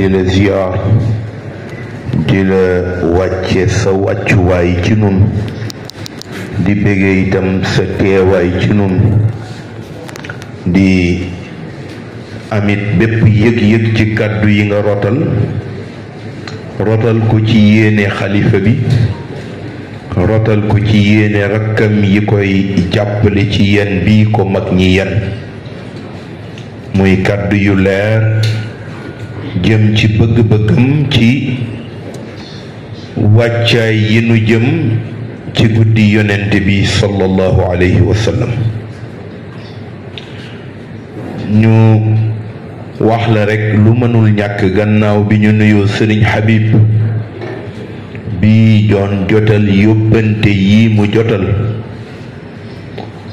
di la ziyaar di la wàcce sa wàccuwaay ci nun di bëggee itam sa teewaay ci nun di amit bépp yëg-yëg ci kàddu yi nga rotal rotal ko ci yéene xalifa bi rotal ko ci yéene rakkam yi koy jàppale ci yen bii ko mag ñi yen muy kàddu yu leer jëm ci bëgg-bëggam ci wàccaay yi nu jëm ci guddi yonent bi sallallahu alayhi wa ñu wax la rekk lu mënul ñàkk gannaaw bi ñu nuyoo sëriñ Habib bi doon jotal yóbbante yi mu jotal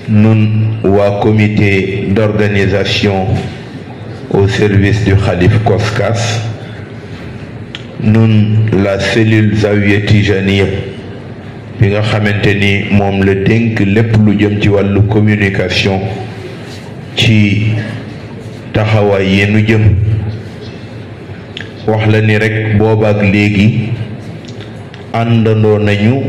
nun waa comité d'organisation au service du Khalif Koskas. nun la cellule Zawiya Tijaniya bi nga xamante ni moom la dénk lépp lu jëm ci wàllu communication ci taxawaay yi jëm wax la ni rekk boobaak léegi àndandoo nañu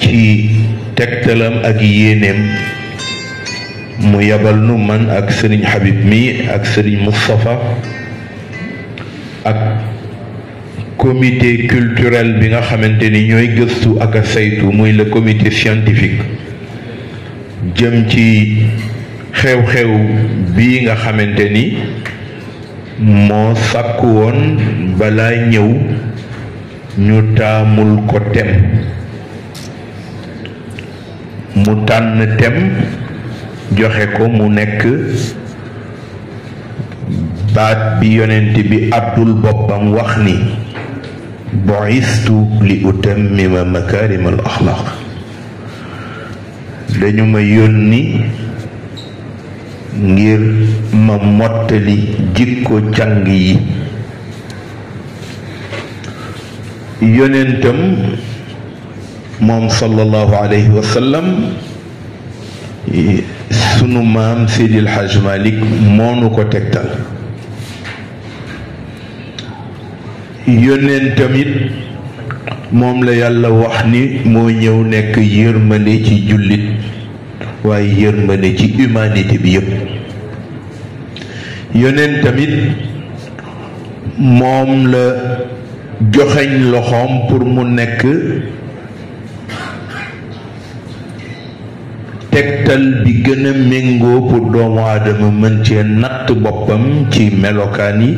ci tegtalam ak yéeneem mu yebal nu man ak sëriñ Habib mi ak sëriñ Moustapha ak comité culturel bi nga xamante ni ñooy gëstu aka a saytu muy le comité scientifique jëm ci xew-xew bi nga xamante ni moo sàkk woon balaa ñëw ñu taamul ko tem mu tànn tem joxe ko mu nekk baat bi yonent bi abdul boppam wax ni bu'istu li utammima makarim al axlaq dañu ma yónni ngir ma mottali jikko càng yi yonentam moom sallallahu alayhi wa sunu maam Seydil Hadj Malick ko tegtal yónneen tamit moom la yàlla wax ni moo ñëw nekk yërmande ci jullit waaye yërmande ci humanité bi yépp yónneen tamit moom la joxeñ loxoom pour mu nekk tegtal bi gën a doomu aadama mën cee natt boppam ci melokaan yi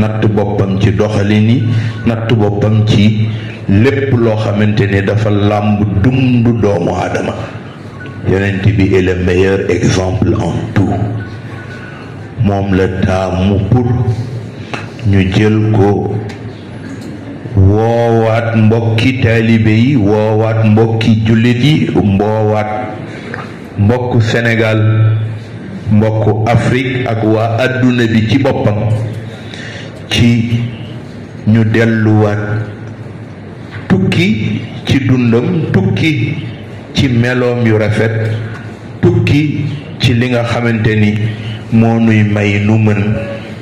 natt boppam ci doxalin yi natt boppam ci lépp loo xamante ni dafa làmb dundu doomu aadama yonent bi est le exemple en tout moom la taamu pour ñu jël ko woowaat mbokki taalibe yi woowaat mbokki jullit yi mboowaat mbokk Sénégal mbokku Afrique ak waa àdduna bi ci boppam ci ñu delluwaat tukki ci dundam tukki ci meloom yu rafet tukki ci li nga xamante ni moo nuy may nu mën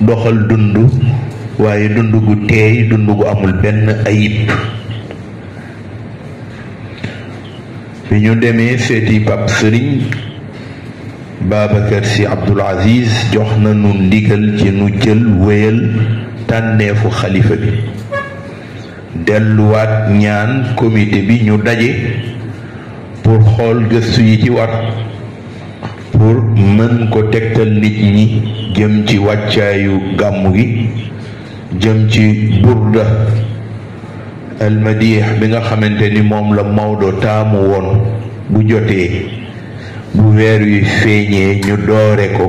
doxal dund waaye dund gu teey dund gu amul benn ayib bi ñu demee seeti Pape Serigne Babacar Sy Abdoul Aziz jox na nu ndigal ci nu jël wéyal tànneefu xalifa bi delluwaat ñaan comité bi ñu daje pour xool gëstu yi ci war pour mën ko tegtal nit ñi jëm ci wàccaayu gàmmu gi jëm ci burda almadix bi nga xamante ni moom la Maodo taamu woon bu jotee bu weer wi feeñee ñu doore ko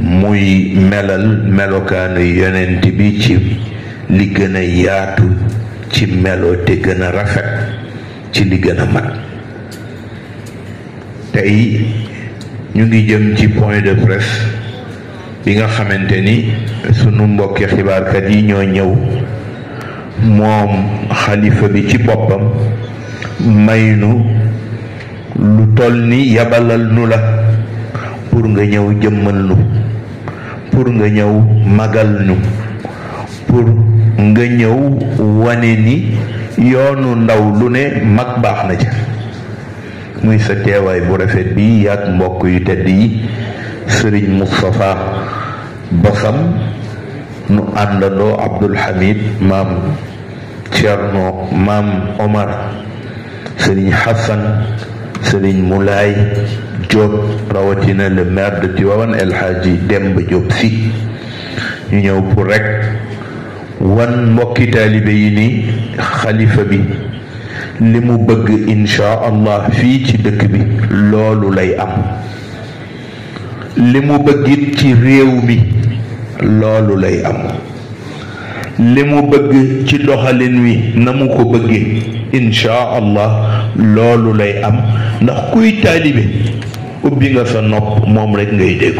muy melal melokaanu yonent bi ci li gën a yaatu ci melo te gën a rafet ci li gën a tey ñu ngi jëm ci point de presse bi nga xamante ni sunu mbokki xibaarkat yi ñoo ñëw moom xalifa bi ci boppam may nu lu toll ni yabalal nu la pour nga ñëw jëmmal nu pour nga ñëw magal nu pour nga ñëw wane ni yoonu ndaw lu ne mag baax na ca muy sa teewaay bu rafet bi yaag mbokk yu tedd yi sëriñ Moustapha Basam nu àndandoo Abdul Hamid maam Cerno maam Omar Serigne Hassan Serigne Moulay Diop rawatina le maire de Tivaouane El Hadji si ñëw pour rek wan mbokki taalibe yi ni xalifa bi li mu bëgg insha allah fii ci dëkk bi loolu lay am li mu bëggit ci réew mi loolu lay am li mu bëgg ci doxalin wi na mu ko bëggee insha loolu lay am ndax kuy taalibe ubbi nga sa nopp moom rekk ngay dégg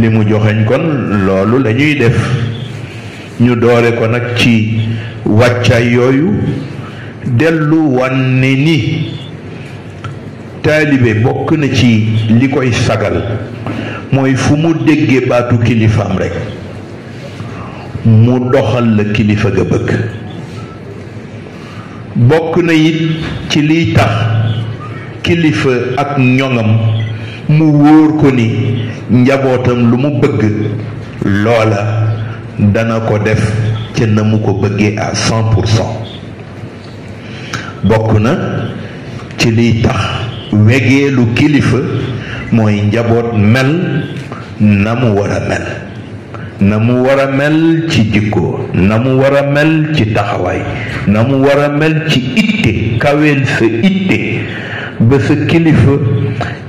li mu joxeñ kon loolu lañuy def ñu doore ko nag ci wàccaay yooyu dellu wanne ni taalibe bokk na ci li koy sagal mooy fu mu déggee baatu kilifaam rekk mu doxal la kilifa ga bëgg bokk na it ci liy tax kilifa ak ñoŋam mu wóor ko ni njabootam lu mu bëgg loola dana ko def ca na mu ko bëggee à bokk na ci liy tax wegeelu kilifa mooy njaboot mel na mu wara a mel na mu war a mel ci jikko na mu war mel ci taxawaay na mu war a mel ci itte kaweel sa itte ba sa kilifa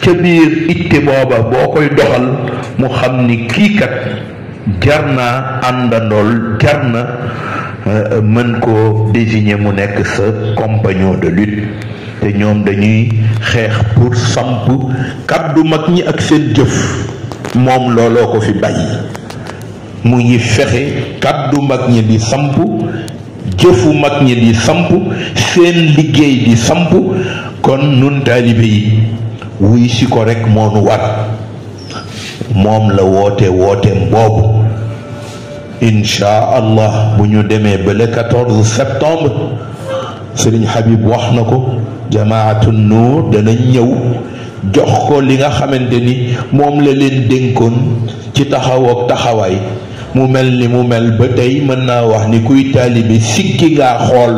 ca biir itte booba boo koy doxal mu xam ni kiikat kat jar na àndandool jar na euh, mën koo désigner mu nekk sa compagnon de lutte te ñoom dañuy xeex pour samp kàddu mag ñi ak seen jëf moom looloo ko fi bàyyi mu ngi fexe kàddu mag ñi di samp jëfu mag ñi di samp seen liggéey di samp kon nun taalibe yi wuy ko rekk moo war moom la woote wooteem boobu incha allah bu ñu demee ba le 14 septembre sëriñ Habib wax na ko jamaatu nuur dana ñëw jox ko li nga xamante ni moom la leen dénkoon ci taxawook taxawaay mu mel ni mu mel ba tey mën naa wax ni kuy taalibi sikki ngaa xool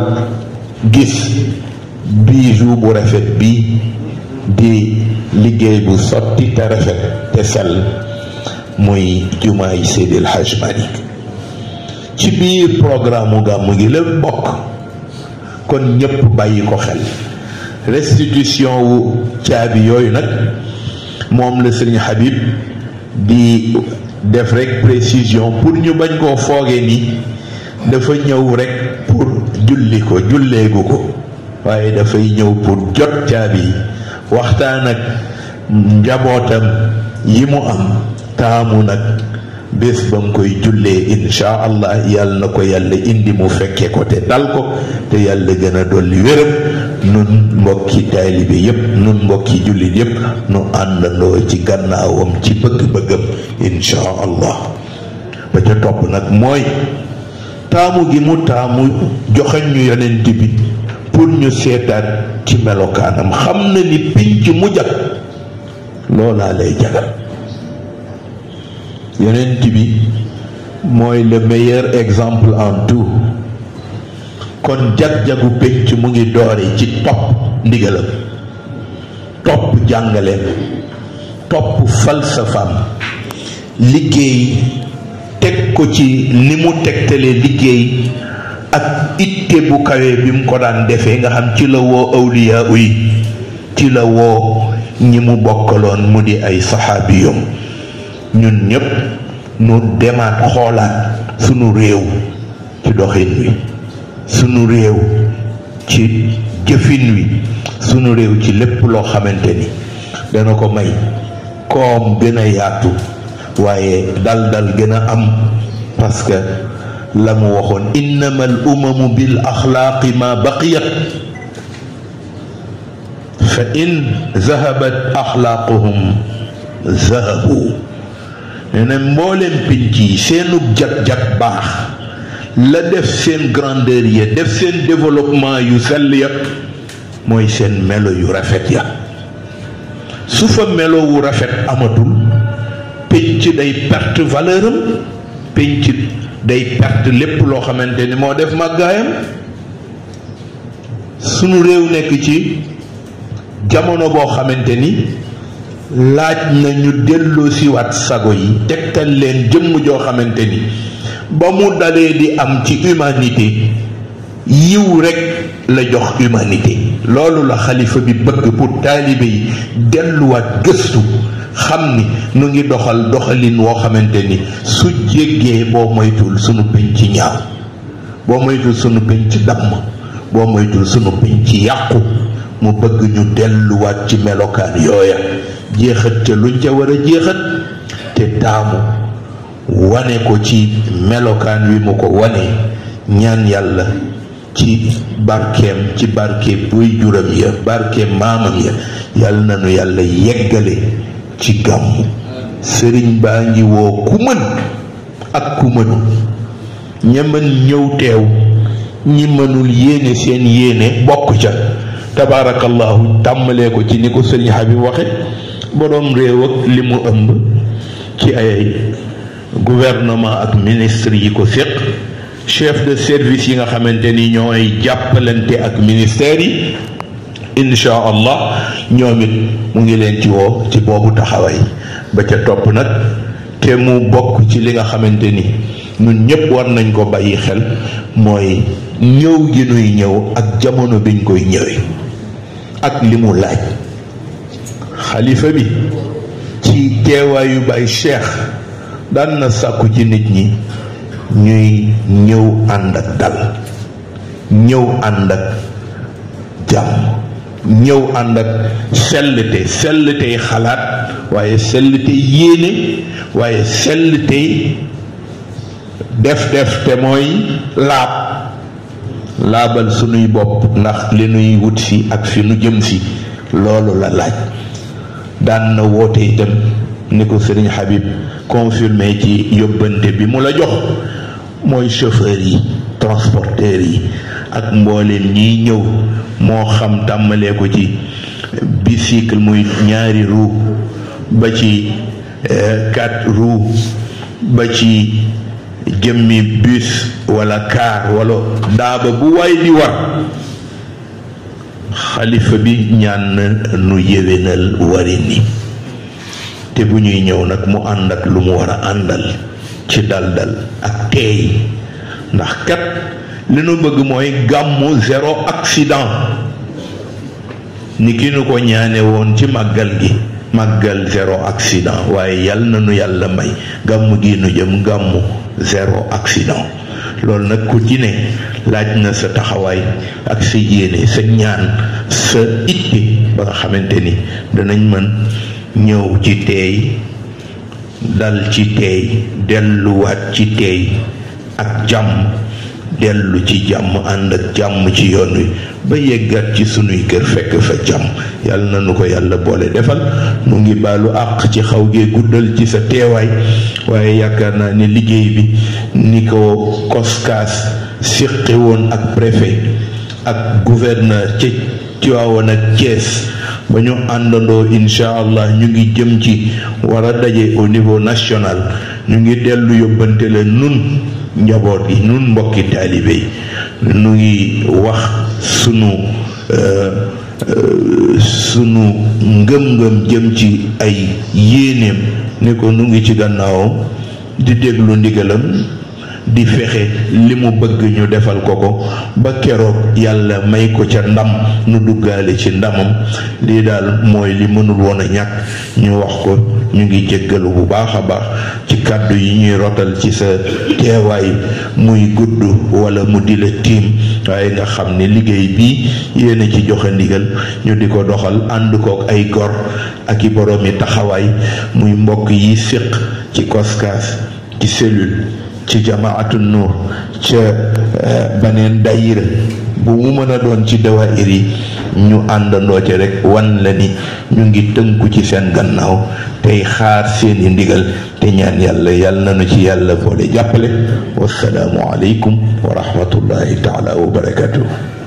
gis bijou bu rafet bi di liggéey bu sotti te rafet te sell muy jumaay Seydil Hadj Malick ci biir programme gàmm gàmmu gi lépp bokk kon ñëpp bàyyi ko xel restitution wu caabi yooyu nag moom la sëriñ Habib di def rek précision pour ñu bañ koo foogee ni dafa ñëw rekk pour julli ko julleegu ko waaye dafay ñëw pour jot caabi yi waxtaan ak njabootam yi mu am taamu nag bés ba mu koy jullee insha yàlla na ko yàlla indi mu fekke ko te dal ko te yàlla gën a dolli wéram nun mbokki taalibe yépp nun mbokki jullit yépp nu àndandoo ci gannaawam ci bëgg-bëggam insha allah ba ca topp nag mooy taamu gi mu taamu joxañ ñu yonent bi pour ñu seetaan ci melokaanam xam na ni pinc mu jag loolaa lay jagal yeneent bi mooy le meilleur exemple en tout kon jag-jagu pénc mu ngi doore ci topp ndigalam topp jàngaleem topp falsafam liggéey teg ko ci ni mu tegtalee liggéey ak itte bu kawe bi mu ko daan defee nga xam ci la woo awliyaa yi ci la woo ñi mu bokkaloon mu di ay saxaabiyum ñun ñëpp nu demaat xoolaat sunu réew ci doxin wi sunu réew ci jëfin wi sunu réew ci lépp loo xamante ni dana ko may koom gën a yaatu waaye dal dal gën a am parce que la mu waxoon innama al umamu bil axlaaqi ma baqiyat fa in zahabat axlaaquhum zahabu nee na mbooleem pinc yi seenug jat jat baax la def seen grandeur ya def seen développement yu sell ya mooy seen melo yu rafet ya su fa melo wu rafet amatul pénc day perte valeur am pénc day perte lépp loo xamante ni moo def màggaayam sunu réew nekk ci jamono boo xamante ni laaj na ñu delloo siwaat sago yi tegtal leen jëm joo xamante ni ba mu dalee di am ci humanité yiw rekk la jox humanité loolu la xalifa bi bëgg pour taalibe yi delluwaat gëstu xam ni nu ngi doxal doxalin woo xamante ni su jéggee boo moytul sunu penc ci ñaaw boo moytul sunu penc ci damm boo moytul sunu penc ci yàqu mu bëgg ñu delluwaat ci melokaan yooya jéexat ca luñ ca war a jéexat te taamu wane ko ci melokaan wi mu ko wane ñaan yàlla ci barkeem ci barke buy juram ya barke maamam ya yàlla na nu yàlla yeggale ci gàmmu sëriñ baa ngi woo ku mën ak ku mënu ña mën teew ñi mënul yéene seen yéene bokk ca tabaarakallaahu tàmmalee ko ci ni ko sëriñ Habib waxe boroom réew ak li mu ëmb ci ay gouvernement ak ministre yi ko séq chef de service yi nga xamante ni ñooy jàppalante ak ministères yi incha allah ñoom it mu ngi leen ci woo ci boobu taxawaay ba ca topp nag te mu bokk ci li nga xamante ni ñun ñëpp war nañ ko bàyyi xel mooy ñëw gi nuy ñëw ak jamono biñ koy ñëwee ak li mu laaj xalifa bi ci teewaayu bay cheikh daan na sàkku ci nit ñi ñuy ñëw ànd ak dal ñëw ànd ak jàmm ñëw ànd ak sellte sellte xalaat waaye sellte yéene waaye sellte def def te mooy laab laabal sunuy bopp ndax li nuy wut si ak fi nu jëm fi loolu la laaj daan na woote itam ni ko sëriñ Habib confirmé ci yóbbante bi mu la jox mooy chauffeur yi transporteur yi ak mbooleem ñiy ñëw moo xam tàmbalee ko ci bicycle muy ñaari roue ba ci eh, quatre roues ba ci jëmmi bus wala car wala daaba bu waay di war xalifa bi ñaan na nu yéwénal warin te bu ñuy ñëw nag mu ànd ak lu mu war a àndal ci daldal ak teey ndax kat li nu bëgg mooy gàmmu zéro accident ni ki nu ko ñaane woon ci màggal gi màggal zéro accident waaye yàlla na nu yàlla may gàmmu gi nu jëm gàmmu zéro accident loolu nag ku ci laaj na sa taxawaay ak sa yéene sa ñaan sa itti ba nga xamante ni danañ mën ñëw ci teey dal ci teey delluwaat ci teey ak jàmm dellu ci jàmm ànd ak jàmm ci yoon wi ba yeggaat ci sunuy kër fekk fa jàmm yàlla na nu ko yàlla boole defal mu ngi baalu àq ci xaw gee guddal ci sa teewaay waaye yaakaar naa ni liggéey bi ni ko koskaas siqi ak préfet ak gouverneur ca Tiwaawan ak Thiès ba ñu àndandoo incha allah ñu ngi jëm ci war a daje au niveau national ñu ngi dellu yóbbante la nun njaboot gi nun mbokki taalibe yi nu ngi wax sunu euh, euh, sunu ngëm-ngëm jëm ci ay yéeneem ne ko nu ngi ci gannaawam di déglu ndigalam di fexe li mu bëgg ñu defal ko ko ba keroog yàlla may ko ca ndam nu duggaale ci ndamam lii daal mooy li mënul woon ñàkk ñu wax ko ñu ngi jéggalu bu baax a baax ci kàddu yi ñuy rotal ci sa teewaay muy gudd walla mu di la tiim waaye nga xam ni liggéey bii yéen ci joxe ndigal ñu di ko doxal ànd kook ay gor ak i boroomi taxawaay muy mbokk yi séq ci koskaas ci cellule ci jamaatu nuur ca eh, beneen dayira bu mu mën a doon ci dawaayir yi ñu àndandoo ca rek wan la ni ñu ngi tënku ci seen gannaaw tey xaar seeni ndigal te ñaan yàlla yàlla nañu ci yàlla boole jàppale wasalaamu aleykum wa rahmatullahi taala